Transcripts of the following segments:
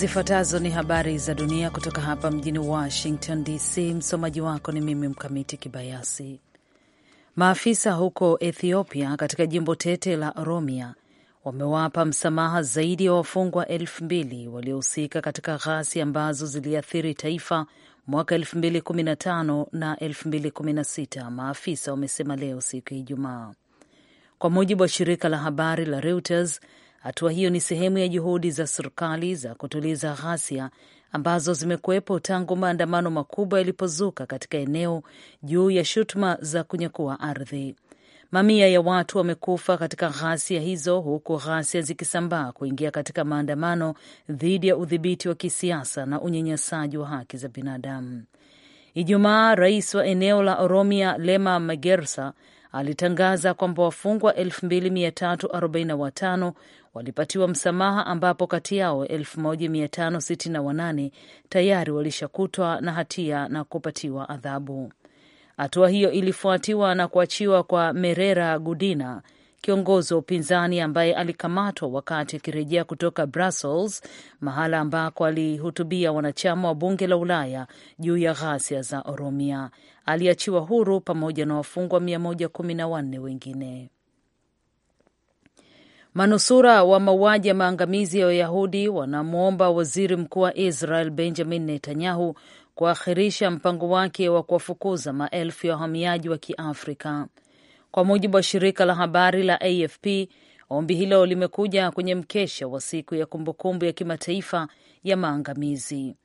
Zifuatazo ni habari za dunia kutoka hapa mjini Washington DC. Msomaji wako ni mimi Mkamiti Kibayasi. Maafisa huko Ethiopia katika jimbo tete la Oromia wamewapa msamaha zaidi ya wafungwa elfu mbili waliohusika katika ghasi ambazo ziliathiri taifa mwaka 2015 na 2016, maafisa wamesema leo siku ya Ijumaa, kwa mujibu wa shirika la habari la Reuters. Hatua hiyo ni sehemu ya juhudi za serikali za kutuliza ghasia ambazo zimekuwepo tangu maandamano makubwa yalipozuka katika eneo juu ya shutuma za kunyakua ardhi. Mamia ya watu wamekufa katika ghasia hizo, huku ghasia zikisambaa kuingia katika maandamano dhidi ya udhibiti wa kisiasa na unyanyasaji wa haki za binadamu. Ijumaa, rais wa eneo la Oromia Lema Magersa alitangaza kwamba wafungwa 2345 walipatiwa msamaha ambapo kati yao 1568 tayari walishakutwa na hatia na kupatiwa adhabu. Hatua hiyo ilifuatiwa na kuachiwa kwa Merera Gudina kiongozi wa upinzani ambaye alikamatwa wakati akirejea kutoka Brussels, mahala ambako alihutubia wanachama wa bunge la Ulaya juu ya ghasia za Oromia. Aliachiwa huru pamoja na wafungwa 114 wengine. Manusura wa mauaji ya maangamizi ya Wayahudi wanamwomba waziri mkuu wa Israel Benjamin Netanyahu kuakhirisha mpango wake wa kuwafukuza maelfu ya wahamiaji wa Kiafrika. Kwa mujibu wa shirika la habari la AFP, ombi hilo limekuja kwenye mkesha wa siku ya kumbukumbu ya kimataifa ya maangamizi.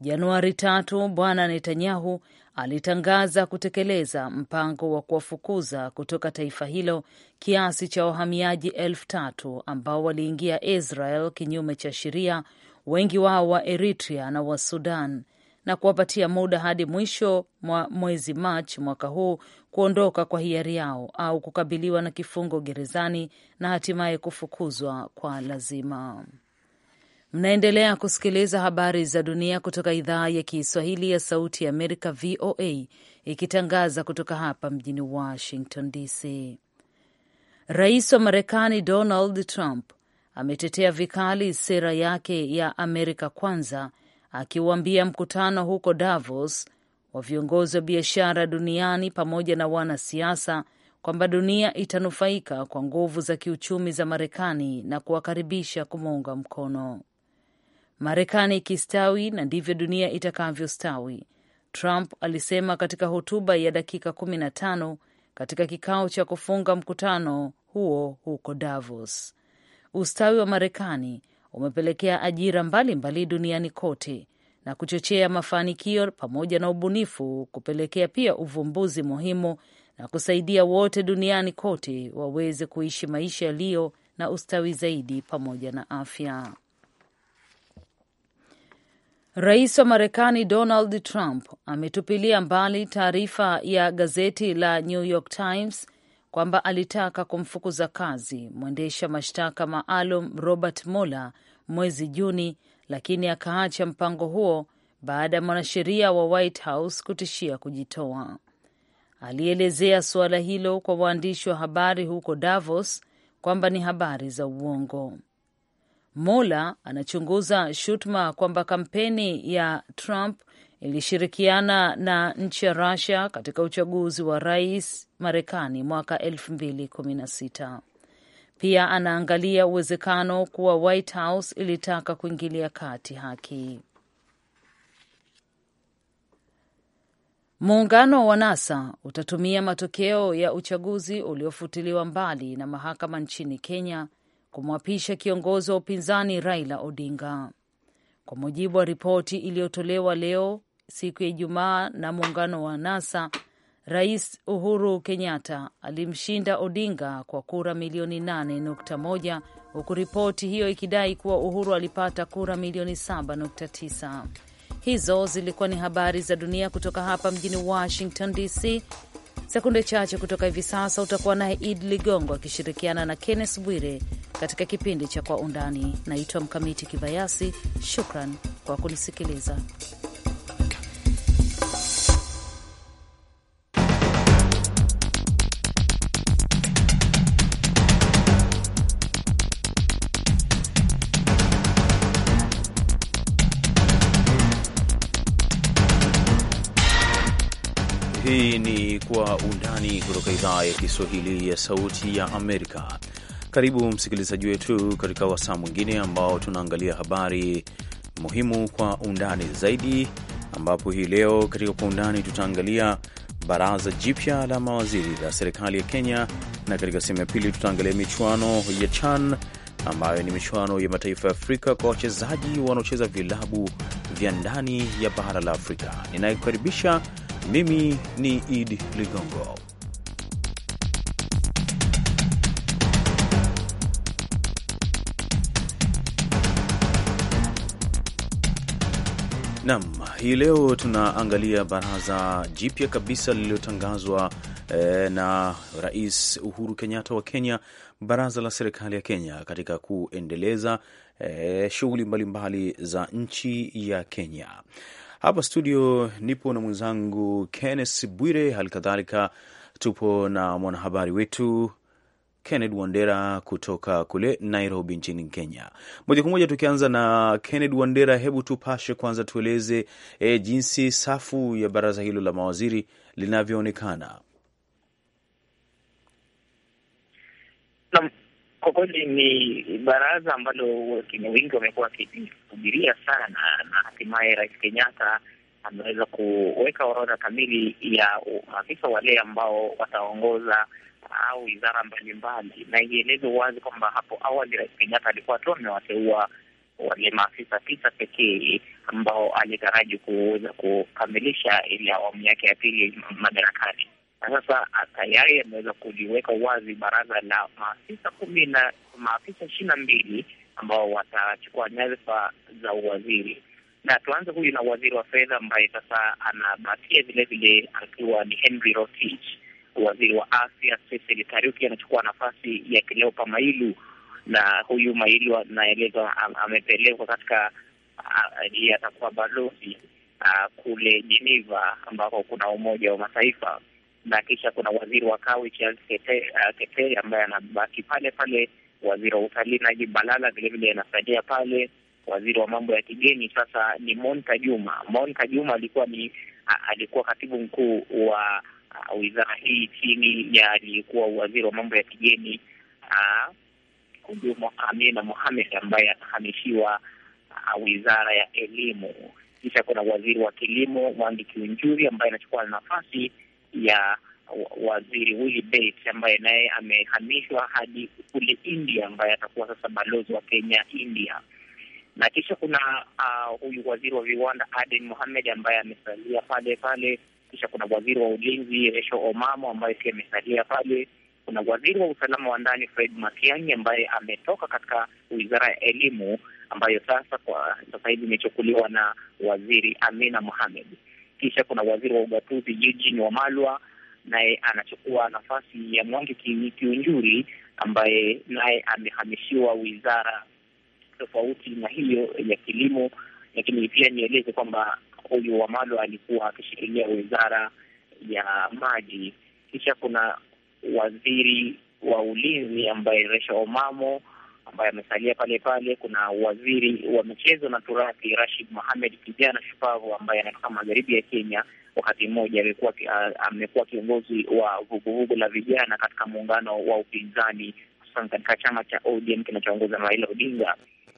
Januari tatu, Bwana Netanyahu alitangaza kutekeleza mpango wa kuwafukuza kutoka taifa hilo kiasi cha wahamiaji elfu tatu ambao waliingia Israel kinyume cha sheria, wengi wao wa Eritrea na wa Sudan na kuwapatia muda hadi mwisho mwa mwezi Machi mwaka huu kuondoka kwa hiari yao au kukabiliwa na kifungo gerezani na hatimaye kufukuzwa kwa lazima. Mnaendelea kusikiliza habari za dunia kutoka idhaa ya Kiswahili ya Sauti ya Amerika, VOA, ikitangaza kutoka hapa mjini Washington DC. Rais wa Marekani Donald Trump ametetea vikali sera yake ya Amerika Kwanza akiuambia mkutano huko Davos wa viongozi wa biashara duniani pamoja na wanasiasa kwamba dunia itanufaika kwa nguvu za kiuchumi za Marekani na kuwakaribisha kumuunga mkono. Marekani ikistawi na ndivyo dunia itakavyostawi, Trump alisema katika hotuba ya dakika 15 katika kikao cha kufunga mkutano huo huko Davos. Ustawi wa Marekani umepelekea ajira mbalimbali mbali duniani kote na kuchochea mafanikio pamoja na ubunifu, kupelekea pia uvumbuzi muhimu na kusaidia wote duniani kote waweze kuishi maisha yaliyo na ustawi zaidi pamoja na afya. Rais wa Marekani Donald Trump ametupilia mbali taarifa ya gazeti la New York Times kwamba alitaka kumfukuza kazi mwendesha mashtaka maalum Robert Mueller mwezi Juni, lakini akaacha mpango huo baada ya mwanasheria wa White House kutishia kujitoa. Alielezea suala hilo kwa waandishi wa habari huko Davos kwamba ni habari za uongo. Mueller anachunguza shutuma kwamba kampeni ya Trump ilishirikiana na nchi ya Russia katika uchaguzi wa rais Marekani mwaka 2016. Pia anaangalia uwezekano kuwa White House ilitaka kuingilia kati haki. Muungano wa NASA utatumia matokeo ya uchaguzi uliofutiliwa mbali na mahakama nchini Kenya kumwapisha kiongozi wa upinzani Raila Odinga. Kwa mujibu wa ripoti iliyotolewa leo siku ya Ijumaa na muungano wa NASA, Rais Uhuru Kenyatta alimshinda Odinga kwa kura milioni 8.1 huku ripoti hiyo ikidai kuwa Uhuru alipata kura milioni 7.9. Hizo zilikuwa ni habari za dunia kutoka hapa mjini Washington DC. Sekunde chache kutoka hivi sasa utakuwa naye Id Ligongo akishirikiana na Kennes Bwire katika kipindi cha Kwa Undani. Naitwa Mkamiti Kibayasi. Shukran kwa kunisikiliza. Kwa Undani kutoka idhaa ya Kiswahili ya Sauti ya Amerika. Karibu msikilizaji wetu katika wasaa mwingine ambao tunaangalia habari muhimu kwa undani zaidi, ambapo hii leo katika Kwa Undani tutaangalia baraza jipya la mawaziri la serikali ya Kenya, na katika sehemu ya pili tutaangalia michuano ya CHAN ambayo ni michuano ya mataifa ya Afrika kwa wachezaji wanaocheza vilabu vya ndani ya bara la Afrika. Ninayekukaribisha mimi ni Idi Ligongo. nam hii leo tunaangalia baraza jipya kabisa lililotangazwa eh, na Rais Uhuru Kenyatta wa Kenya, baraza la serikali ya Kenya katika kuendeleza eh, shughuli mbalimbali za nchi ya Kenya. Hapa studio nipo na mwenzangu Kenneth Bwire, halikadhalika tupo na mwanahabari wetu Kenneth Wandera kutoka kule Nairobi nchini Kenya. Moja kwa moja tukianza na Kenneth Wandera, hebu tupashe kwanza, tueleze e, jinsi safu ya baraza hilo la mawaziri linavyoonekana. Kwa kweli ni baraza ambalo Wakenya wengi wamekuwa wakili abiria sana, na hatimaye Rais Kenyatta ameweza kuweka orodha kamili ya maafisa wale ambao wataongoza uh, au wizara mbalimbali, na ieleze wazi kwamba hapo awali Rais Kenyatta alikuwa tu amewateua wale maafisa tisa pekee ambao alitaraji kuweza kukamilisha ile awamu yake ya pili madarakani, na sasa uh, tayari ameweza kuliweka wazi baraza la maafisa kumi na maafisa ishirini na mbili ambao watachukua nyadhifa za uwaziri, na tuanze huyu na waziri wa fedha ambaye sasa anabakia vilevile akiwa ni Henry Rotich. Waziri wa afya Cecily Kariuki anachukua nafasi ya kileopa Mailu, na huyu Mailu anaelezwa amepelekwa katika atakuwa balozi uh, kule Geneva ambako kuna Umoja wa Mataifa, na kisha kuna waziri wa kawi Charles Kete, uh, Kete ambaye anabaki pale pale Waziri wa utalii Najib Balala vilevile anasaidia pale. Waziri wa mambo ya kigeni sasa ni Monta Juma. Monta Juma alikuwa ni alikuwa katibu mkuu wa wizara hii chini ya aliyekuwa waziri wa mambo ya kigeni uh, Amina Mohamed ambaye anahamishiwa wizara ya elimu. Kisha kuna waziri wa kilimo Mwangi Kiunjuri ambaye anachukua nafasi ya waziri Willy Bett ambaye naye amehamishwa hadi kule India, ambaye atakuwa sasa balozi wa Kenya India. Na kisha kuna uh, huyu waziri wa viwanda Aden Mohamed ambaye amesalia pale pale. Kisha kuna waziri wa ulinzi Resho Omamo ambaye pia amesalia pale. Kuna waziri wa usalama wa ndani Fred Matiang'i ambaye ametoka katika wizara ya elimu ambayo sasa kwa sasa hivi imechukuliwa na waziri Amina Mohamed. Kisha kuna waziri wa ugatuzi Eugene Wamalwa naye anachukua nafasi ya Mwangi Kiunjuri ambaye naye amehamishiwa wizara tofauti na hiyo ya kilimo. Lakini pia nieleze kwamba huyu Wamalo alikuwa akishikilia wizara ya maji. Kisha kuna waziri wa ulinzi ambaye Resha Omamo ambaye amesalia pale pale. Kuna waziri wa michezo na turathi Rashid Mohamed, kijana shupavu ambaye anatoka magharibi ya Kenya wakati mmoja alikuwa amekuwa kiongozi wa vuguvugu la vijana katika muungano wa upinzani hususan katika chama cha ODM kinachoongoza na Raila Odinga.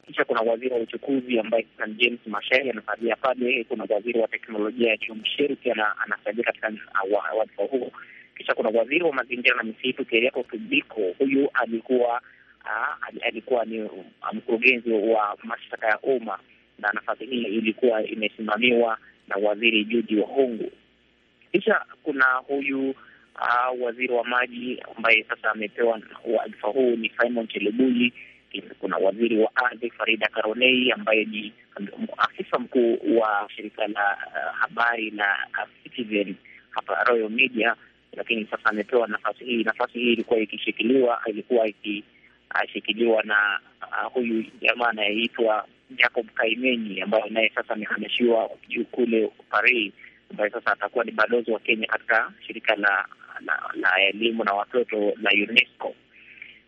Kisha kuna waziri wa uchukuzi ambaye sasa ni James Masharia anasalia pale. Kuna waziri wa teknolojia ya Juma Sheri anasalia katika wadhifa huo. Kisha kuna waziri wa mazingira na misitu Keriako Tobiko, huyu alikuwa alikuwa ni mkurugenzi wa mashtaka ya umma, na nafasi hii ilikuwa imesimamiwa na waziri Judi Wahungu. Kisha kuna huyu uh, waziri wa maji ambaye sasa amepewa wadhifa huu ni Simon Chelebuli. Kuna waziri wa ardhi Farida Karonei ambaye ni afisa mkuu wa shirika la uh, habari la ah, Citizen hapa Royal Media, lakini sasa amepewa nafasi hii. Nafasi hii ilikuwa ikishikiliwa ilikuwa ikishikiliwa na uh, huyu jamaa anayeitwa Jacob Kaimenyi ambaye naye sasa amehamishiwa juu kule Paris, ambaye sasa atakuwa ni balozi wa Kenya katika shirika la la elimu na watoto la UNESCO.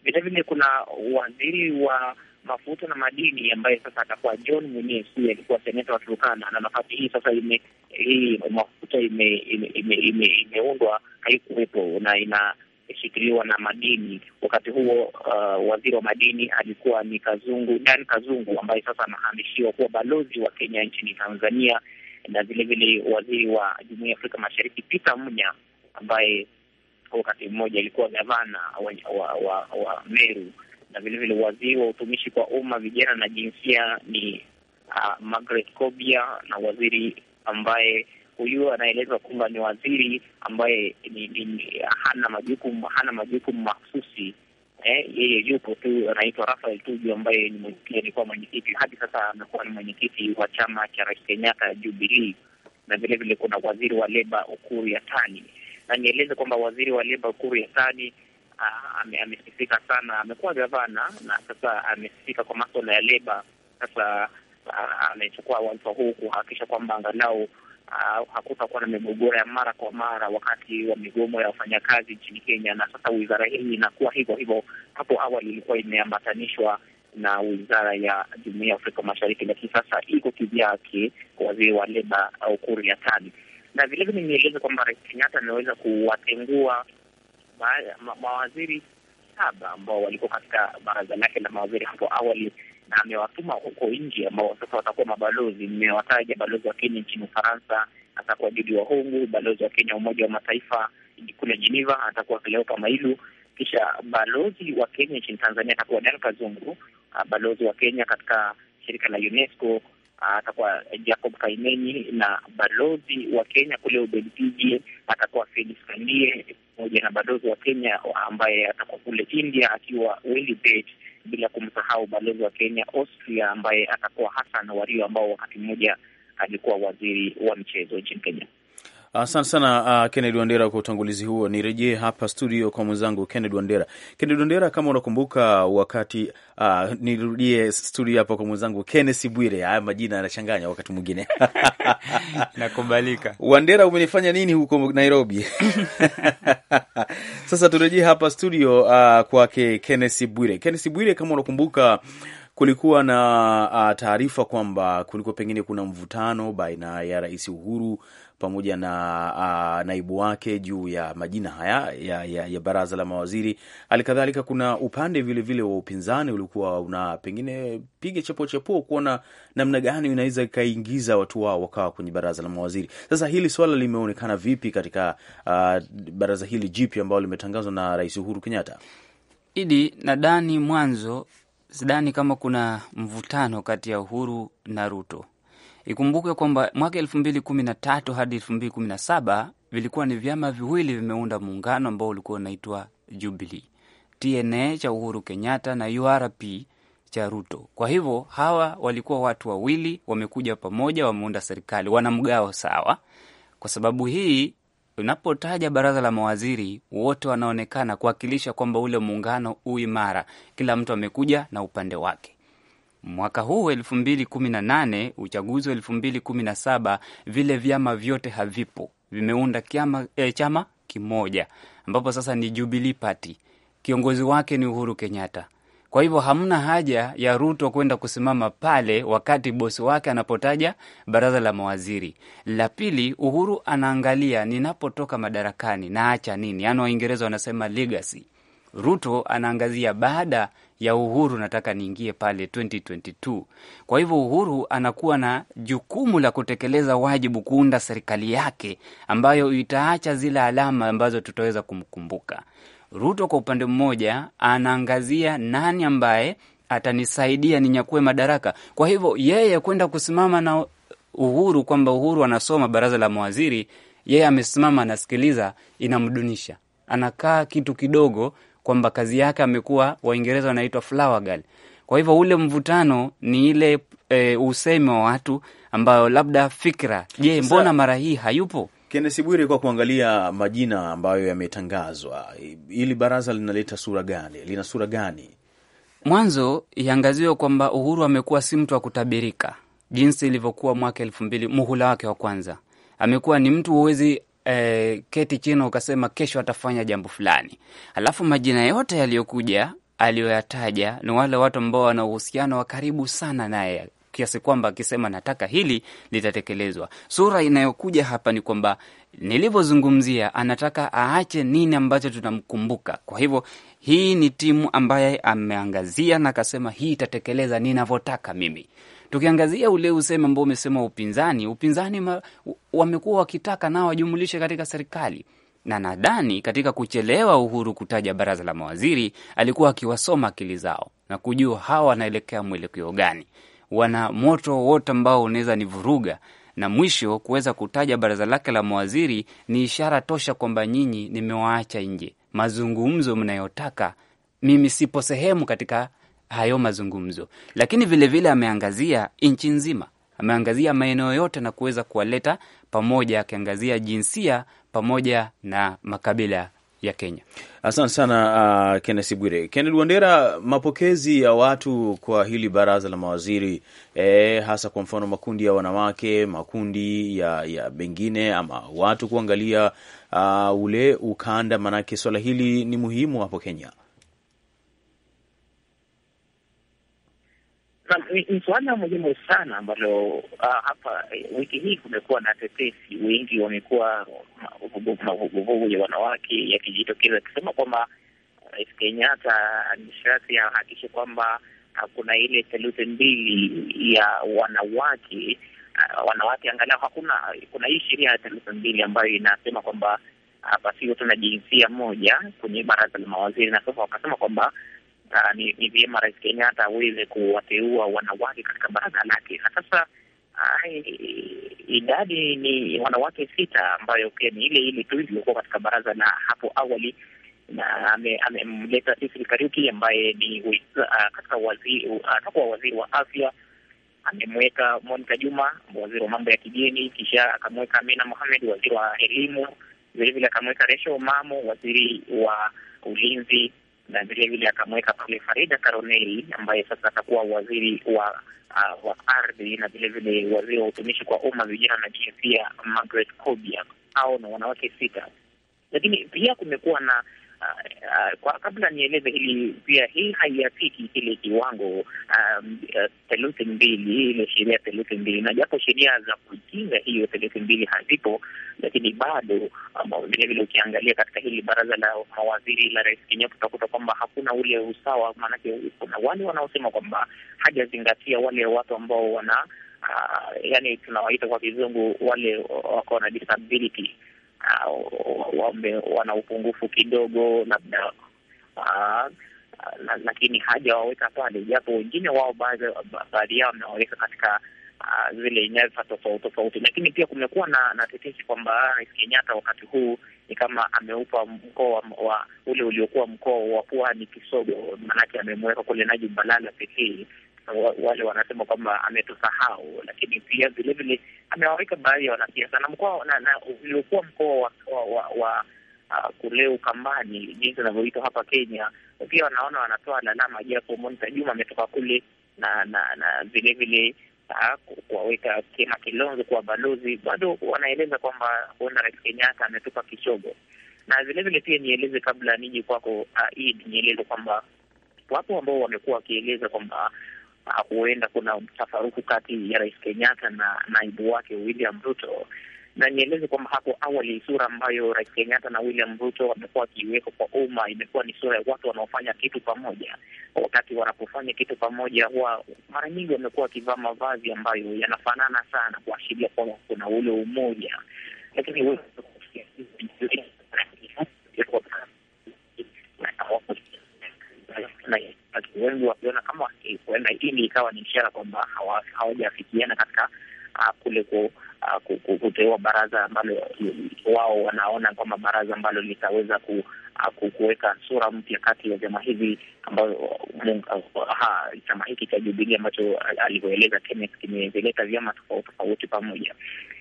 Vilevile kuna waziri wa mafuta na madini ambaye sasa atakuwa John Munyesu, alikuwa seneta wa Turkana, na nafasi hii sasa ime- hii mafuta imeundwa haikuwepo na ina shikiliwa na madini. Wakati huo uh, waziri wa madini alikuwa ni Kazungu, Dan Kazungu ambaye sasa anahamishiwa kuwa balozi wa Kenya nchini Tanzania, na vilevile waziri wa Jumuiya ya Afrika Mashariki Peter Munya ambaye wakati mmoja alikuwa gavana wa, wa, wa, wa Meru, na vilevile waziri wa utumishi kwa umma, vijana na jinsia ni uh, Margaret Kobia, na waziri ambaye huyu anaelezwa kwamba ni waziri ambaye ni, ni, hana majukumu hana majukumu mahususi eh, yeye yupo tu, anaitwa Rafael Tuju ambaye ni mwenyekiti, alikuwa mwenyekiti hadi sasa amekuwa ni mwenyekiti wa chama cha Rais Kenyatta Jubilii, na vile vile kuna waziri wa leba Ukuru Yatani, na nieleze kwamba waziri wa leba Ukuru Yatani amesifika sana, amekuwa gavana na sasa amesifika kwa maswala ya leba. Sasa amechukua wadhifa huu kuhakikisha kwamba angalau uh, hakutakuwa na migogoro ya mara kwa mara wakati wa migomo ya wafanyakazi nchini Kenya. Na sasa wizara hii inakuwa hivyo hivyo. Hapo awali ilikuwa imeambatanishwa na wizara ya jumuiya ya Afrika Mashariki, lakini sasa iko kivyake kwa waziri wa leba Ukur Yatani. Na vilevile nieleze kwamba Rais Kenyatta ameweza kuwatengua mawaziri saba ambao walikuwa katika baraza lake la mawaziri hapo awali na amewatuma huko nje ambao sasa watakuwa mabalozi. Mmewataja balozi wa Kenya nchini Ufaransa atakuwa Judi Wahungu, balozi wa Kenya Umoja wa Mataifa kule Geneva atakuwa Kleopa Mailu, kisha balozi wa Kenya nchini Tanzania atakuwa Dan Kazungu, ah, balozi wa Kenya katika shirika la UNESCO ah, atakuwa Jacob Kaimenyi, na balozi wa Kenya kule Ubelgiji atakuwa Felix Kandie, pamoja na balozi wa Kenya ambaye atakuwa kule India akiwa Willie Pate bila kumsahau balozi wa Kenya Austria ambaye atakuwa Hassan Wario, ambao wakati mmoja alikuwa waziri wa michezo nchini Kenya. Asante sana uh, Kennedy Wandera kwa utangulizi huo. Nirejee hapa studio kwa mwenzangu Kennedy Wandera. Kennedy Wandera, kama unakumbuka wakati uh, nirudie studio hapa kwa mwenzangu Kenneth Bwire. Haya majina yanachanganya wakati mwingine nakubalika. Wandera, umenifanya nini huko Nairobi? Sasa turejee hapa studio uh, kwake Kenneth Bwire. Kenneth Bwire, kama unakumbuka kulikuwa na uh, taarifa kwamba kulikuwa pengine kuna mvutano baina ya Rais Uhuru pamoja na uh, naibu wake juu ya majina haya ya, ya, ya baraza la mawaziri. Halikadhalika kuna upande vilevile wa upinzani ulikuwa una pengine piga chapo chapo kuona namna gani inaweza ikaingiza watu wao wakawa kwenye baraza la mawaziri. Sasa hili swala limeonekana vipi katika uh, baraza hili jipya ambalo limetangazwa na Rais Uhuru Kenyatta? Idi, nadani mwanzo sidani kama kuna mvutano kati ya Uhuru na Ruto Ikumbuke kwamba mwaka elfu mbili kumi na tatu hadi elfu mbili kumi na saba vilikuwa ni vyama viwili vimeunda muungano ambao ulikuwa unaitwa Jubili, TNA cha Uhuru Kenyatta na URP cha Ruto. Kwa hivyo hawa walikuwa watu wawili wamekuja pamoja, wameunda serikali, wana mgao sawa, kwa sababu hii unapotaja baraza la mawaziri wote wanaonekana kuwakilisha kwamba ule muungano uimara, kila mtu amekuja na upande wake. Mwaka huu elfu mbili kumi na nane uchaguzi wa elfu mbili kumi na saba vile vyama vyote havipo, vimeunda kiama, eh, chama kimoja ambapo sasa ni Jubilee Party, kiongozi wake ni Uhuru Kenyatta. Kwa hivyo hamna haja ya Ruto kwenda kusimama pale wakati bosi wake anapotaja baraza la mawaziri. La pili, Uhuru anaangalia ninapotoka madarakani naacha nini, yaani Waingereza wanasema legacy. Ruto anaangazia baada ya Uhuru nataka niingie pale 2022. Kwa hivyo Uhuru anakuwa na jukumu la kutekeleza wajibu, kuunda serikali yake ambayo itaacha zile alama ambazo tutaweza kumkumbuka. Ruto kwa upande mmoja anaangazia nani ambaye atanisaidia ninyakue madaraka. Kwa hivyo yeye kwenda kusimama na Uhuru kwamba Uhuru anasoma baraza la mawaziri, yeye amesimama anasikiliza, inamdunisha, anakaa kitu kidogo kwamba kazi yake amekuwa, Waingereza wanaitwa flower girl. Kwa hivyo ule mvutano ni ile e, usemi wa watu ambayo labda fikra, je, mbona mara hii hayupo? Kenesi Bwire, kwa kuangalia majina ambayo yametangazwa, ili baraza linaleta sura gani? Lina sura gani? Mwanzo iangaziwe kwamba Uhuru amekuwa si mtu wa kutabirika jinsi ilivyokuwa mwaka elfu mbili muhula wake wa kwanza. Amekuwa ni mtu huwezi eh, keti chini ukasema kesho atafanya jambo fulani, alafu majina yote yaliyokuja aliyoyataja ni wale watu ambao wana uhusiano wa karibu sana naye kiasi kwamba akisema nataka hili litatekelezwa. Sura inayokuja hapa ni kwamba nilivyozungumzia, anataka aache nini ambacho tunamkumbuka. Kwa hivyo hii ni timu ambaye ameangazia na akasema hii itatekeleza ninavyotaka mimi. Tukiangazia ule usemi ambao umesema upinzani, upinzani wamekuwa wakitaka nao wajumulishe katika serikali, na nadhani katika kuchelewa Uhuru kutaja baraza la mawaziri alikuwa akiwasoma akili zao na kujua hawa wanaelekea mwelekeo gani, wana moto wote ambao unaweza ni vuruga na mwisho kuweza kutaja baraza lake la mawaziri ni ishara tosha kwamba nyinyi nimewaacha nje, mazungumzo mnayotaka mimi sipo sehemu katika hayo mazungumzo, lakini vilevile vile ameangazia nchi nzima, ameangazia maeneo yote na kuweza kuwaleta pamoja, akiangazia jinsia pamoja na makabila ya Kenya. Asante sana uh, Kennes Bwire. Kennedy Wandera, mapokezi ya watu kwa hili baraza la mawaziri eh, hasa kwa mfano makundi ya wanawake, makundi ya, ya bengine ama watu kuangalia uh, ule ukanda, maanake swala hili ni muhimu hapo Kenya. ni suala muhimu sana ambalo uh, hapa eh, wiki hii kumekuwa na tetesi, wengi wamekuwa mavuguvugu ya wanawake yakijitokeza akisema kwamba Rais Kenyatta nishati ahakikishe kwamba kuna ile theluthi mbili ya wanawake uh, wanawake angalau hakuna, kuna hii sheria ya theluthi mbili ambayo inasema kwamba uh, ah, pasiwe tuna na jinsia moja kwenye baraza la mawaziri, na sasa wakasema kwamba uh, ni, ni vyema Rais Kenyatta aweze kuwateua wanawake katika baraza lake, na sasa uh, idadi ni wanawake sita, ambayo pia ni ile ile tu iliyokuwa katika baraza la hapo awali, na amemleta ame Cecily Kariuki ambaye ni uh, katika waziri atakuwa uh, waziri wa afya amemweka Monica Juma, waziri wa mambo ya kigeni, kisha akamweka Amina Mohamed, waziri wa elimu, vilevile akamweka Resho Mamo, waziri wa ulinzi, na vilevile akamweka pale Farida karoneli ambaye sasa atakuwa waziri wa uh, wa ardhi na vilevile waziri wa utumishi kwa umma, vijana na jinsia, Margaret Kobia. Hao na wanawake sita, lakini pia kumekuwa na Uh, kwa kabla nieleze hili pia, hii haiafiki kile kiwango theluthi um, uh, mbili ile sheria theluthi mbili na japo sheria za kuikinga hiyo theluthi mbili hazipo, lakini bado vilevile um, ukiangalia katika hili baraza la mawaziri la Rais Kenyatta utakuta kwamba hakuna ule usawa. Maanake kuna wale wanaosema kwamba hajazingatia wale watu ambao wana uh, yani tunawaita kwa kizungu wale wako na disability Uh, wame wana upungufu kidogo labda uh, uh, lakini hajawaweka pale, japo wengine wao baadhi yao amewaweka katika uh, zile nyadhifa tofauti tofauti. Lakini pia kumekuwa na, na tetesi kwamba Rais Kenyatta wakati huu ni kama ameupa mkoa wa ule uliokuwa mkoa wa Pwani kisogo, maanake amemweka kule Najib Balala pekee wale wanasema kwamba ametusahau, lakini pia vilevile amewaweka baadhi ya wanasiasa na mkoa na uliokuwa mkoa wa, wa, wa Uh, kule Ukambani jinsi inavyoitwa hapa Kenya, pia wanaona wanatoa lalama, japo Monita Juma ametoka kule na na na vilevile uh, kuwaweka Kema Kilonzo kuwa balozi. Bado wanaeleza kwamba huenda Rais Kenyatta ametupa kichogo, na vilevile pia nieleze kabla niji kwako, uh, nieleze kwamba wapo ambao wamekuwa wakieleza kwamba Ah, huenda kuna mtafaruku kati ya Rais Kenyatta na naibu wake William Ruto na nieleze kwamba hapo awali sura ambayo rais Kenyatta na William Ruto wamekuwa wakiiweka kwa umma imekuwa ni sura ya watu wanaofanya kitu pamoja. Wakati wanapofanya kitu pamoja, huwa mara nyingi wamekuwa wakivaa mavazi ambayo yanafanana sana, kuashiria kwamba kuna ule umoja, lakini wakati wengi wakiona kama huenda ini ikawa ni ishara kwamba hawajafikiana katika uh, kule ku, uh, kuteua baraza ambalo wao wanaona kwamba baraza ambalo litaweza ku ah, kuweka sura mpya kati ya vyama hivi ambayo chama hiki cha jubili ambacho alivyoeleza kimezileta vyama tofauti tofauti pamoja,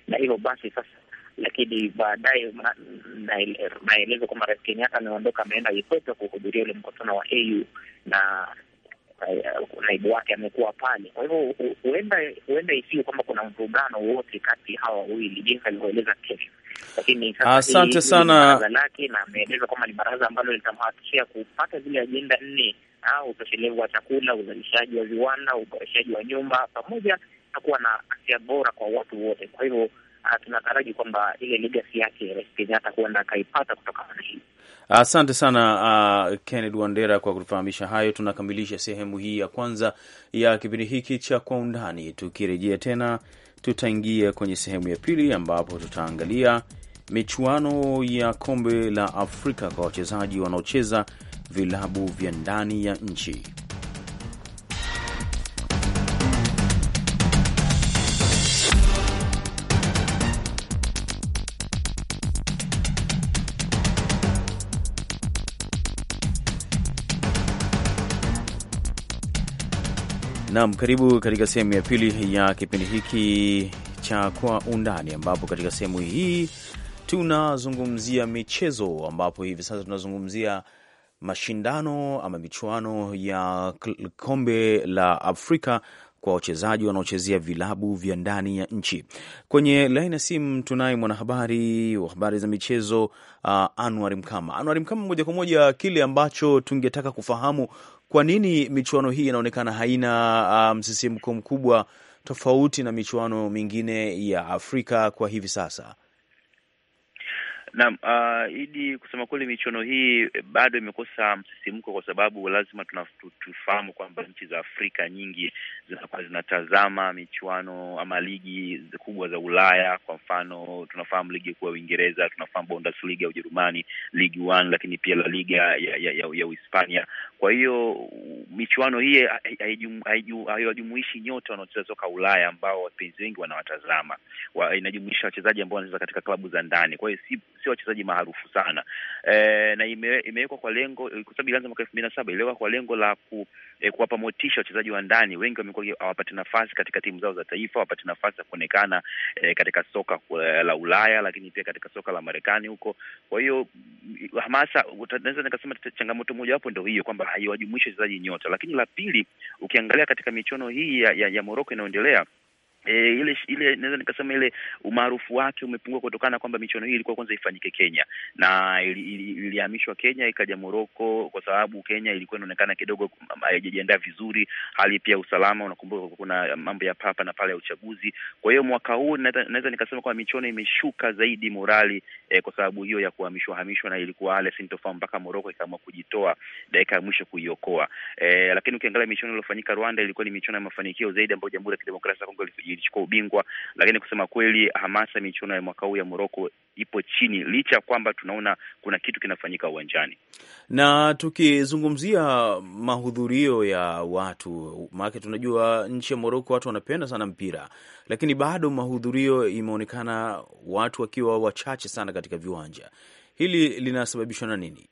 na hivyo basi sasa lakini baadaye maelezo kwamba Rais Kenyatta ameondoka, ameenda Ethiopia kuhudhuria ule mkutano wa AU na uh, naibu wake amekuwa pale. Kwa hivyo huenda huenda isiwe kwamba kuna mvurugano wote kati hawa wawili jinsi alivyoeleza kesho, lakini asante sana lake, na ameeleza kwamba ni baraza ambalo litamhakikishia kupata zile ajenda nne au utoshelevu wa chakula, uzalishaji wa viwanda, uboreshaji wa nyumba, pamoja na kuwa na afya bora kwa watu wote. Kwa hivyo Ah, tunataraji kwamba ile legasi yake Rais Kenyatta huenda akaipata kutokana na hii. Asante sana uh, ah, Kenneth Wandera kwa kutufahamisha hayo. Tunakamilisha sehemu hii ya kwanza ya kipindi hiki cha Kwa Undani. Tukirejea tena, tutaingia kwenye sehemu ya pili ambapo tutaangalia michuano ya kombe la Afrika kwa wachezaji wanaocheza vilabu vya ndani ya nchi. Naam, karibu katika sehemu ya pili ya kipindi hiki cha Kwa Undani, ambapo katika sehemu hii tunazungumzia michezo, ambapo hivi sasa tunazungumzia mashindano ama michuano ya kombe la Afrika kwa wachezaji wanaochezea vilabu vya ndani ya nchi. Kwenye laini ya simu tunaye mwanahabari wa habari za michezo uh, Anwar Mkama. Anwar Mkama, moja kwa moja, kile ambacho tungetaka kufahamu kwa nini michuano hii inaonekana haina ah, msisimko um, mkubwa tofauti na michuano mingine ya Afrika kwa hivi sasa? Naam, uh, Idi, kusema kweli michuano hii eh, bado imekosa msisimko, kwa sababu lazima tufahamu kwamba nchi za Afrika nyingi zinakuwa zinatazama michuano ama ligi kubwa za Ulaya. Kwa mfano, tunafahamu ligi kuu ya Uingereza, tunafahamu Bundesliga ya Ujerumani, Ligue 1 lakini pia La Liga ya ya, ya, ya Uhispania. Kwa hiyo michuano hii haiwajumuishi nyota wanaocheza soka Ulaya ambao wapenzi wengi wanawatazama wa, inajumuisha wachezaji ambao wanacheza katika klabu za ndani. Kwa hiyo si, si wachezaji maarufu sana e, na imewekwa kwa lengo kwa sababu ilianza mwaka elfu mbili na saba iliwekwa kwa lengo la ku e, kuwapa motisha wachezaji wa ndani. Wengi wamekuwa hawapati nafasi katika timu zao za taifa, hawapati nafasi ya kuonekana e, katika soka eh, la Ulaya, lakini pia katika soka la Marekani huko. Kwa hiyo mm, hamasa, naweza nikasema changamoto mojawapo ndo hiyo kwamba haiwajumuishi wachezaji nyota, lakini la pili, ukiangalia katika michuano hii ya, ya, ya Moroko inayoendelea E, ile ile naweza nikasema ile umaarufu wake umepungua kutokana kwamba michuano hii ilikuwa kwanza ifanyike Kenya na ilihamishwa ili, ili Kenya ikaja Morocco, kwa sababu Kenya ilikuwa inaonekana kidogo mm, haijajiandaa vizuri, hali pia usalama, unakumbuka kuna mambo ya papa na pale ya uchaguzi. Kwa hiyo mwaka huu naweza nikasema kwamba michuano imeshuka zaidi morali eh, kwa sababu hiyo ya kuhamishwa hamishwa, na ilikuwa ile sintofahamu mpaka Morocco ikaamua kujitoa dakika ya mwisho kuiokoa eh, lakini ukiangalia michuano iliyofanyika Rwanda ilikuwa ni michuano ya mafanikio zaidi ambayo Jamhuri ya Kidemokrasia ya Kongo ilifanya ilichukua ubingwa, lakini kusema kweli hamasa michuano ya mwaka huu ya moroko ipo chini, licha ya kwamba tunaona kuna kitu kinafanyika uwanjani. Na tukizungumzia mahudhurio ya watu, maanake tunajua nchi ya moroko watu wanapenda sana mpira, lakini bado mahudhurio imeonekana watu wakiwa wachache sana katika viwanja. Hili linasababishwa na nini?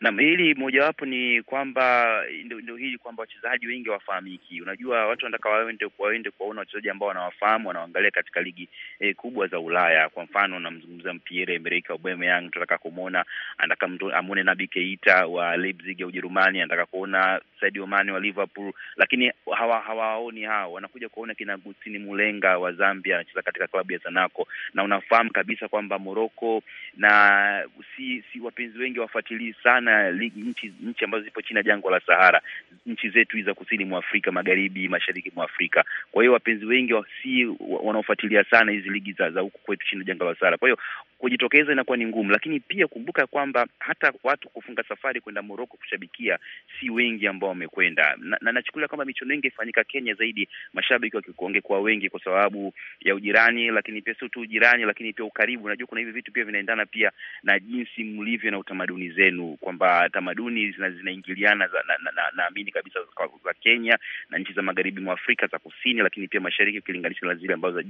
Naam, hili mojawapo ni kwamba ndio hili kwamba wachezaji wengi hawafahamiki. Unajua, watu wanataka waende waende kuwaona wachezaji ambao wanawafahamu, wanaangalia katika ligi eh, kubwa za Ulaya. Kwa mfano, namzungumza Pierre Emerick Aubameyang, tunataka kumwona, anataka amuone Nabi Keita wa Leipzig ya Ujerumani, anataka kuona Sadio Mane wa Liverpool, lakini hawa hawaoni hao, wanakuja kuona kina Agustini Mulenga wa Zambia, anacheza katika klabu ya Zanaco, na unafahamu kabisa kwamba Morocco na si, si wapenzi wengi wafuatilii sana sana ya nchi, nchi ambazo zipo chini ya jangwa la Sahara, nchi zetu za kusini mwa Afrika, magharibi, mashariki mwa Afrika. Kwa hiyo wapenzi wengi wa, si wanaofuatilia sana hizi ligi za za huku kwetu chini ya jangwa la Sahara, kwa hiyo kujitokeza inakuwa ni ngumu, lakini pia kumbuka kwamba hata watu kufunga safari kwenda Moroko kushabikia si wengi ambao wamekwenda, na nachukulia na kwamba michuano mingi ifanyika Kenya zaidi, mashabiki wangekuwa wengi kwa sababu ya ujirani, lakini pia sio tu ujirani, lakini pia ukaribu. Unajua kuna hivi vitu pia vinaendana pia na jinsi mlivyo na utamaduni zenu kwa kwamba tamaduni zina zinaingiliana naamini na, na, na kabisa za Kenya na nchi za magharibi mwa Afrika za kusini, lakini pia mashariki ukilinganisha na zile ambazo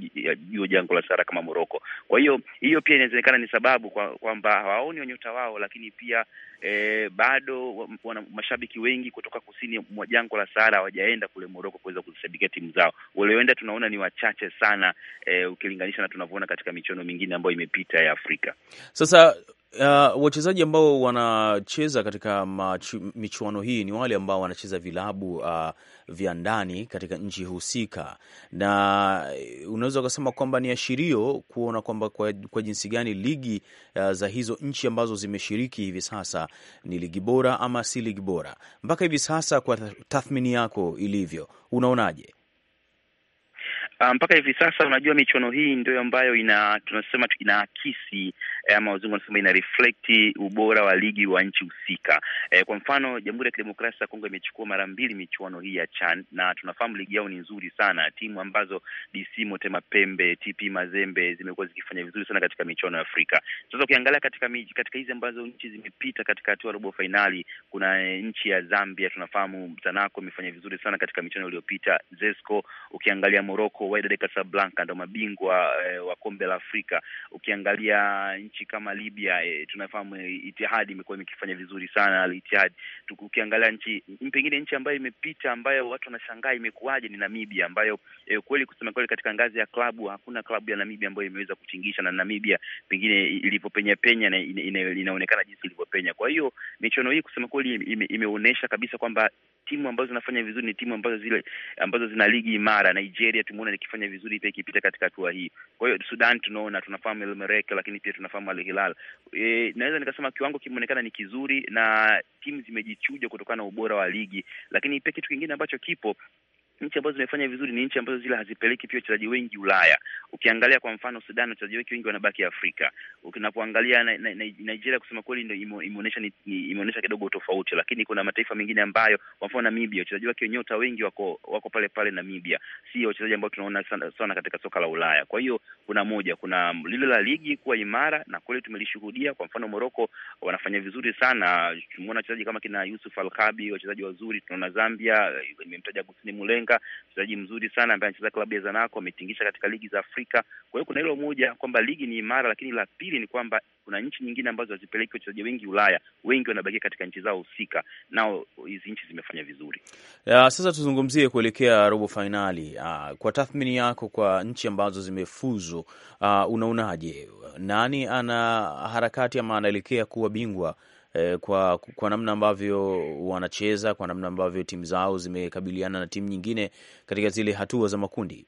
juu jangwa la Sahara kama Morocco. Kwa hiyo hiyo pia inawezekana ni sababu kwamba kwa hawaoni nyota wao, lakini pia eh, bado wana mashabiki wengi kutoka kusini mwa jangwa la Sahara hawajaenda kule Morocco kuweza kuzishabikia timu zao. Walioenda tunaona ni wachache sana eh, ukilinganisha na tunavyoona katika michuano mingine ambayo imepita ya Afrika. Sasa Uh, wachezaji ambao wanacheza katika machu, michuano hii ni wale ambao wanacheza vilabu uh, vya ndani katika nchi husika, na unaweza ukasema kwamba ni ashirio kuona kwamba kwa, kwa jinsi gani ligi uh, za hizo nchi ambazo zimeshiriki hivi sasa ni ligi bora ama si ligi bora mpaka hivi sasa. Kwa tathmini yako ilivyo, unaonaje? Uh, mpaka um, hivi sasa unajua, michuano hii ndio ambayo ina tunasema inaakisi Eh, ama wazungu wanasema ina reflect ubora wa ligi wa nchi husika. E, kwa mfano Jamhuri ya Kidemokrasia ya Kongo imechukua mara mbili michuano hii ya CHAN na tunafahamu ligi yao ni nzuri sana. Timu ambazo DC Motema Pembe, TP Mazembe zimekuwa zikifanya vizuri sana katika michuano ya Afrika. Sasa ukiangalia katika miji, katika hizi ambazo nchi zimepita katika hatua robo fainali, kuna eh, nchi ya Zambia tunafahamu Zanaco imefanya vizuri sana katika michuano iliyopita. Zesco, ukiangalia Morocco, Wydad Casablanca ndio mabingwa eh, wa kombe la Afrika. Ukiangalia nchi nchi kama Libya e, tunafahamu eh, Itihadi imekuwa imekifanya vizuri sana Al Itihadi. Ukiangalia nchi pengine nchi ambayo imepita ambayo watu wanashangaa imekuwaje ni Namibia, ambayo e, kweli kusema kweli, katika ngazi ya klabu hakuna klabu ya Namibia ambayo imeweza kutingisha, na Namibia pengine ilivyopenya penya na ina, ina, inaonekana jinsi ilivyopenya. Kwa hiyo michuano hii kusema kweli ime, imeonyesha kabisa kwamba timu ambazo zinafanya vizuri ni timu ambazo zile ambazo zina ligi imara. Nigeria tumeona ikifanya vizuri pia ikipita katika hatua hii. Kwa hiyo Sudan tunaona tunafahamu El Merreikh, lakini pia tunafahamu Al Hilal. E, naweza nikasema kiwango kimeonekana ni kizuri na timu zimejichuja kutokana na ubora wa ligi, lakini pia kitu kingine ambacho kipo nchi ambazo zimefanya vizuri ni nchi ambazo zile hazipeleki pia wachezaji wengi Ulaya. Ukiangalia kwa mfano Sudan, wachezaji wake wengi wanabaki Afrika. Ukinapoangalia na, na, na, Nigeria kusema kweli ndio imeonyesha imeonyesha kidogo tofauti, lakini kuna mataifa mengine ambayo kwa mfano Namibia, wachezaji wake nyota wengi wako wako pale pale Namibia, si wachezaji ambao tunaona sana, sana katika soka la Ulaya. Kwa hiyo kuna moja, kuna lile la ligi kuwa imara na kweli tumelishuhudia. Kwa mfano Morocco wanafanya vizuri sana, tumeona wachezaji kama kina Yusuf al wachezaji wazuri. Tunaona Zambia, nimemtaja Gusini Mulenga Yanga, mchezaji mzuri sana ambaye anacheza klabu ya Zanaco, ametingisha katika ligi za Afrika. Kwa hiyo kuna hilo moja kwamba ligi ni imara, lakini la pili ni kwamba kuna nchi nyingine ambazo hazipeleki wachezaji wengi Ulaya, wengi wanabakia katika nchi zao husika, nao hizi nchi zimefanya vizuri. Ya, sasa tuzungumzie kuelekea robo fainali. Ah, kwa tathmini yako kwa nchi ambazo zimefuzu, ah, unaonaje, nani ana harakati ama anaelekea kuwa bingwa Eh, kwa, kwa namna ambavyo wanacheza, kwa namna ambavyo timu zao zimekabiliana na timu nyingine katika zile hatua za makundi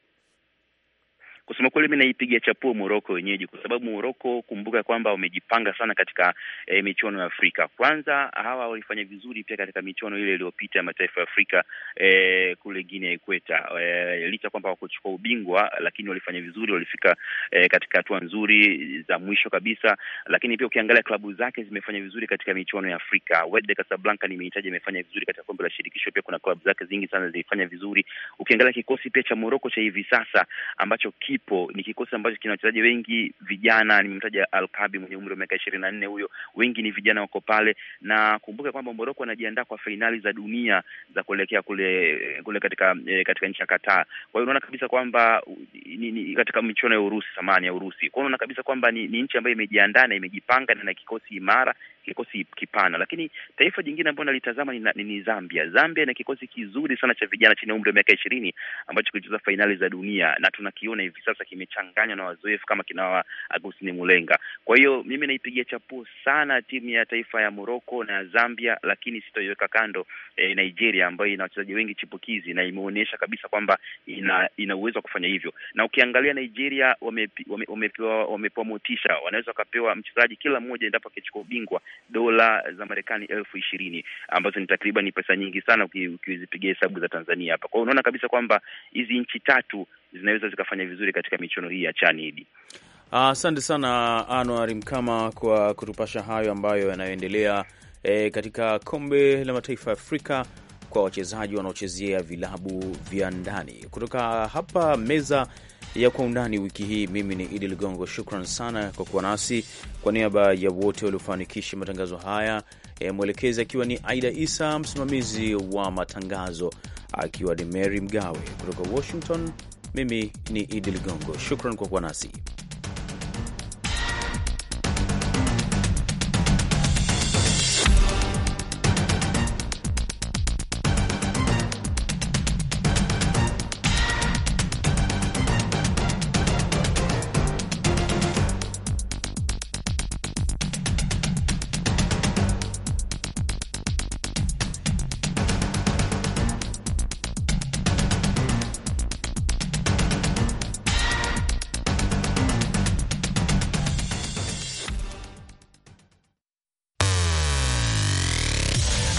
kusema kweli, mi naipiga chapuo Moroko wenyeji, kwa sababu Moroko kumbuka kwamba wamejipanga sana katika eh, michuano ya Afrika. Kwanza hawa walifanya vizuri pia katika michuano ile iliyopita ya mataifa ya Afrika eh, kule Guinea Ikweta eh, licha kwamba wakuchukua ubingwa, lakini walifanya vizuri, walifika eh, katika hatua nzuri za mwisho kabisa. Lakini pia ukiangalia klabu zake zimefanya vizuri katika michuano ya Afrika. Wydad Casablanca nimehitaji, imefanya vizuri katika kombe la shirikisho. Pia kuna klabu zake zingi sana zilifanya vizuri. Ukiangalia kikosi pia cha Moroko cha hivi sasa ambacho ki kipo ni kikosi ambacho kina wachezaji wengi vijana. Nimemtaja Alkabi mwenye umri wa miaka ishirini na nne, huyo wengi ni vijana wako pale, na kumbuka kwamba Moroko anajiandaa kwa fainali za dunia za kuelekea kule kule katika eh, katika nchi ya Qatar. Kwa hiyo unaona kabisa kwamba ni, ni, katika michuano ya Urusi samani ya Urusi, kwa hiyo unaona kabisa kwamba ni, ni nchi ambayo imejiandaa na imejipanga na kikosi imara kikosi kipana, lakini taifa jingine ambayo nalitazama ni, ni Zambia. Zambia ina kikosi kizuri sana cha vijana chini ya umri wa miaka ishirini ambacho kilicheza fainali za dunia na tunakiona hivi sasa kimechanganywa na wazoefu kama kina Agustini Mulenga. Kwa hiyo mimi naipigia chapuo sana timu ya taifa ya Morocco na Zambia, lakini sitoiweka kando eh, Nigeria ambayo ina wachezaji wengi chipukizi na imeonyesha kabisa kwamba ina ina uwezo wa kufanya hivyo, na ukiangalia Nigeria wamepewa wame, motisha, wanaweza wakapewa mchezaji kila mmoja endapo akichukua ubingwa dola za Marekani elfu ishirini ambazo ni takriban ni pesa nyingi sana ukizipigia hesabu za Tanzania hapa. Kwa hiyo unaona kabisa kwamba hizi nchi tatu zinaweza zikafanya vizuri katika michuano hii ya chani hidi. Asante uh, sana Anuari Mkama kwa kutupasha hayo ambayo yanayoendelea e, katika kombe la mataifa ya Afrika kwa wachezaji wanaochezea vilabu vya ndani kutoka hapa meza ya Kwa Undani wiki hii. Mimi ni Idi Ligongo, shukran sana kwa kuwa nasi. Kwa niaba ya wote waliofanikisha matangazo haya, e, mwelekezi akiwa ni Aida Isa, msimamizi wa matangazo akiwa ni Mary Mgawe kutoka Washington. Mimi ni Idi Ligongo, shukran kwa kuwa nasi.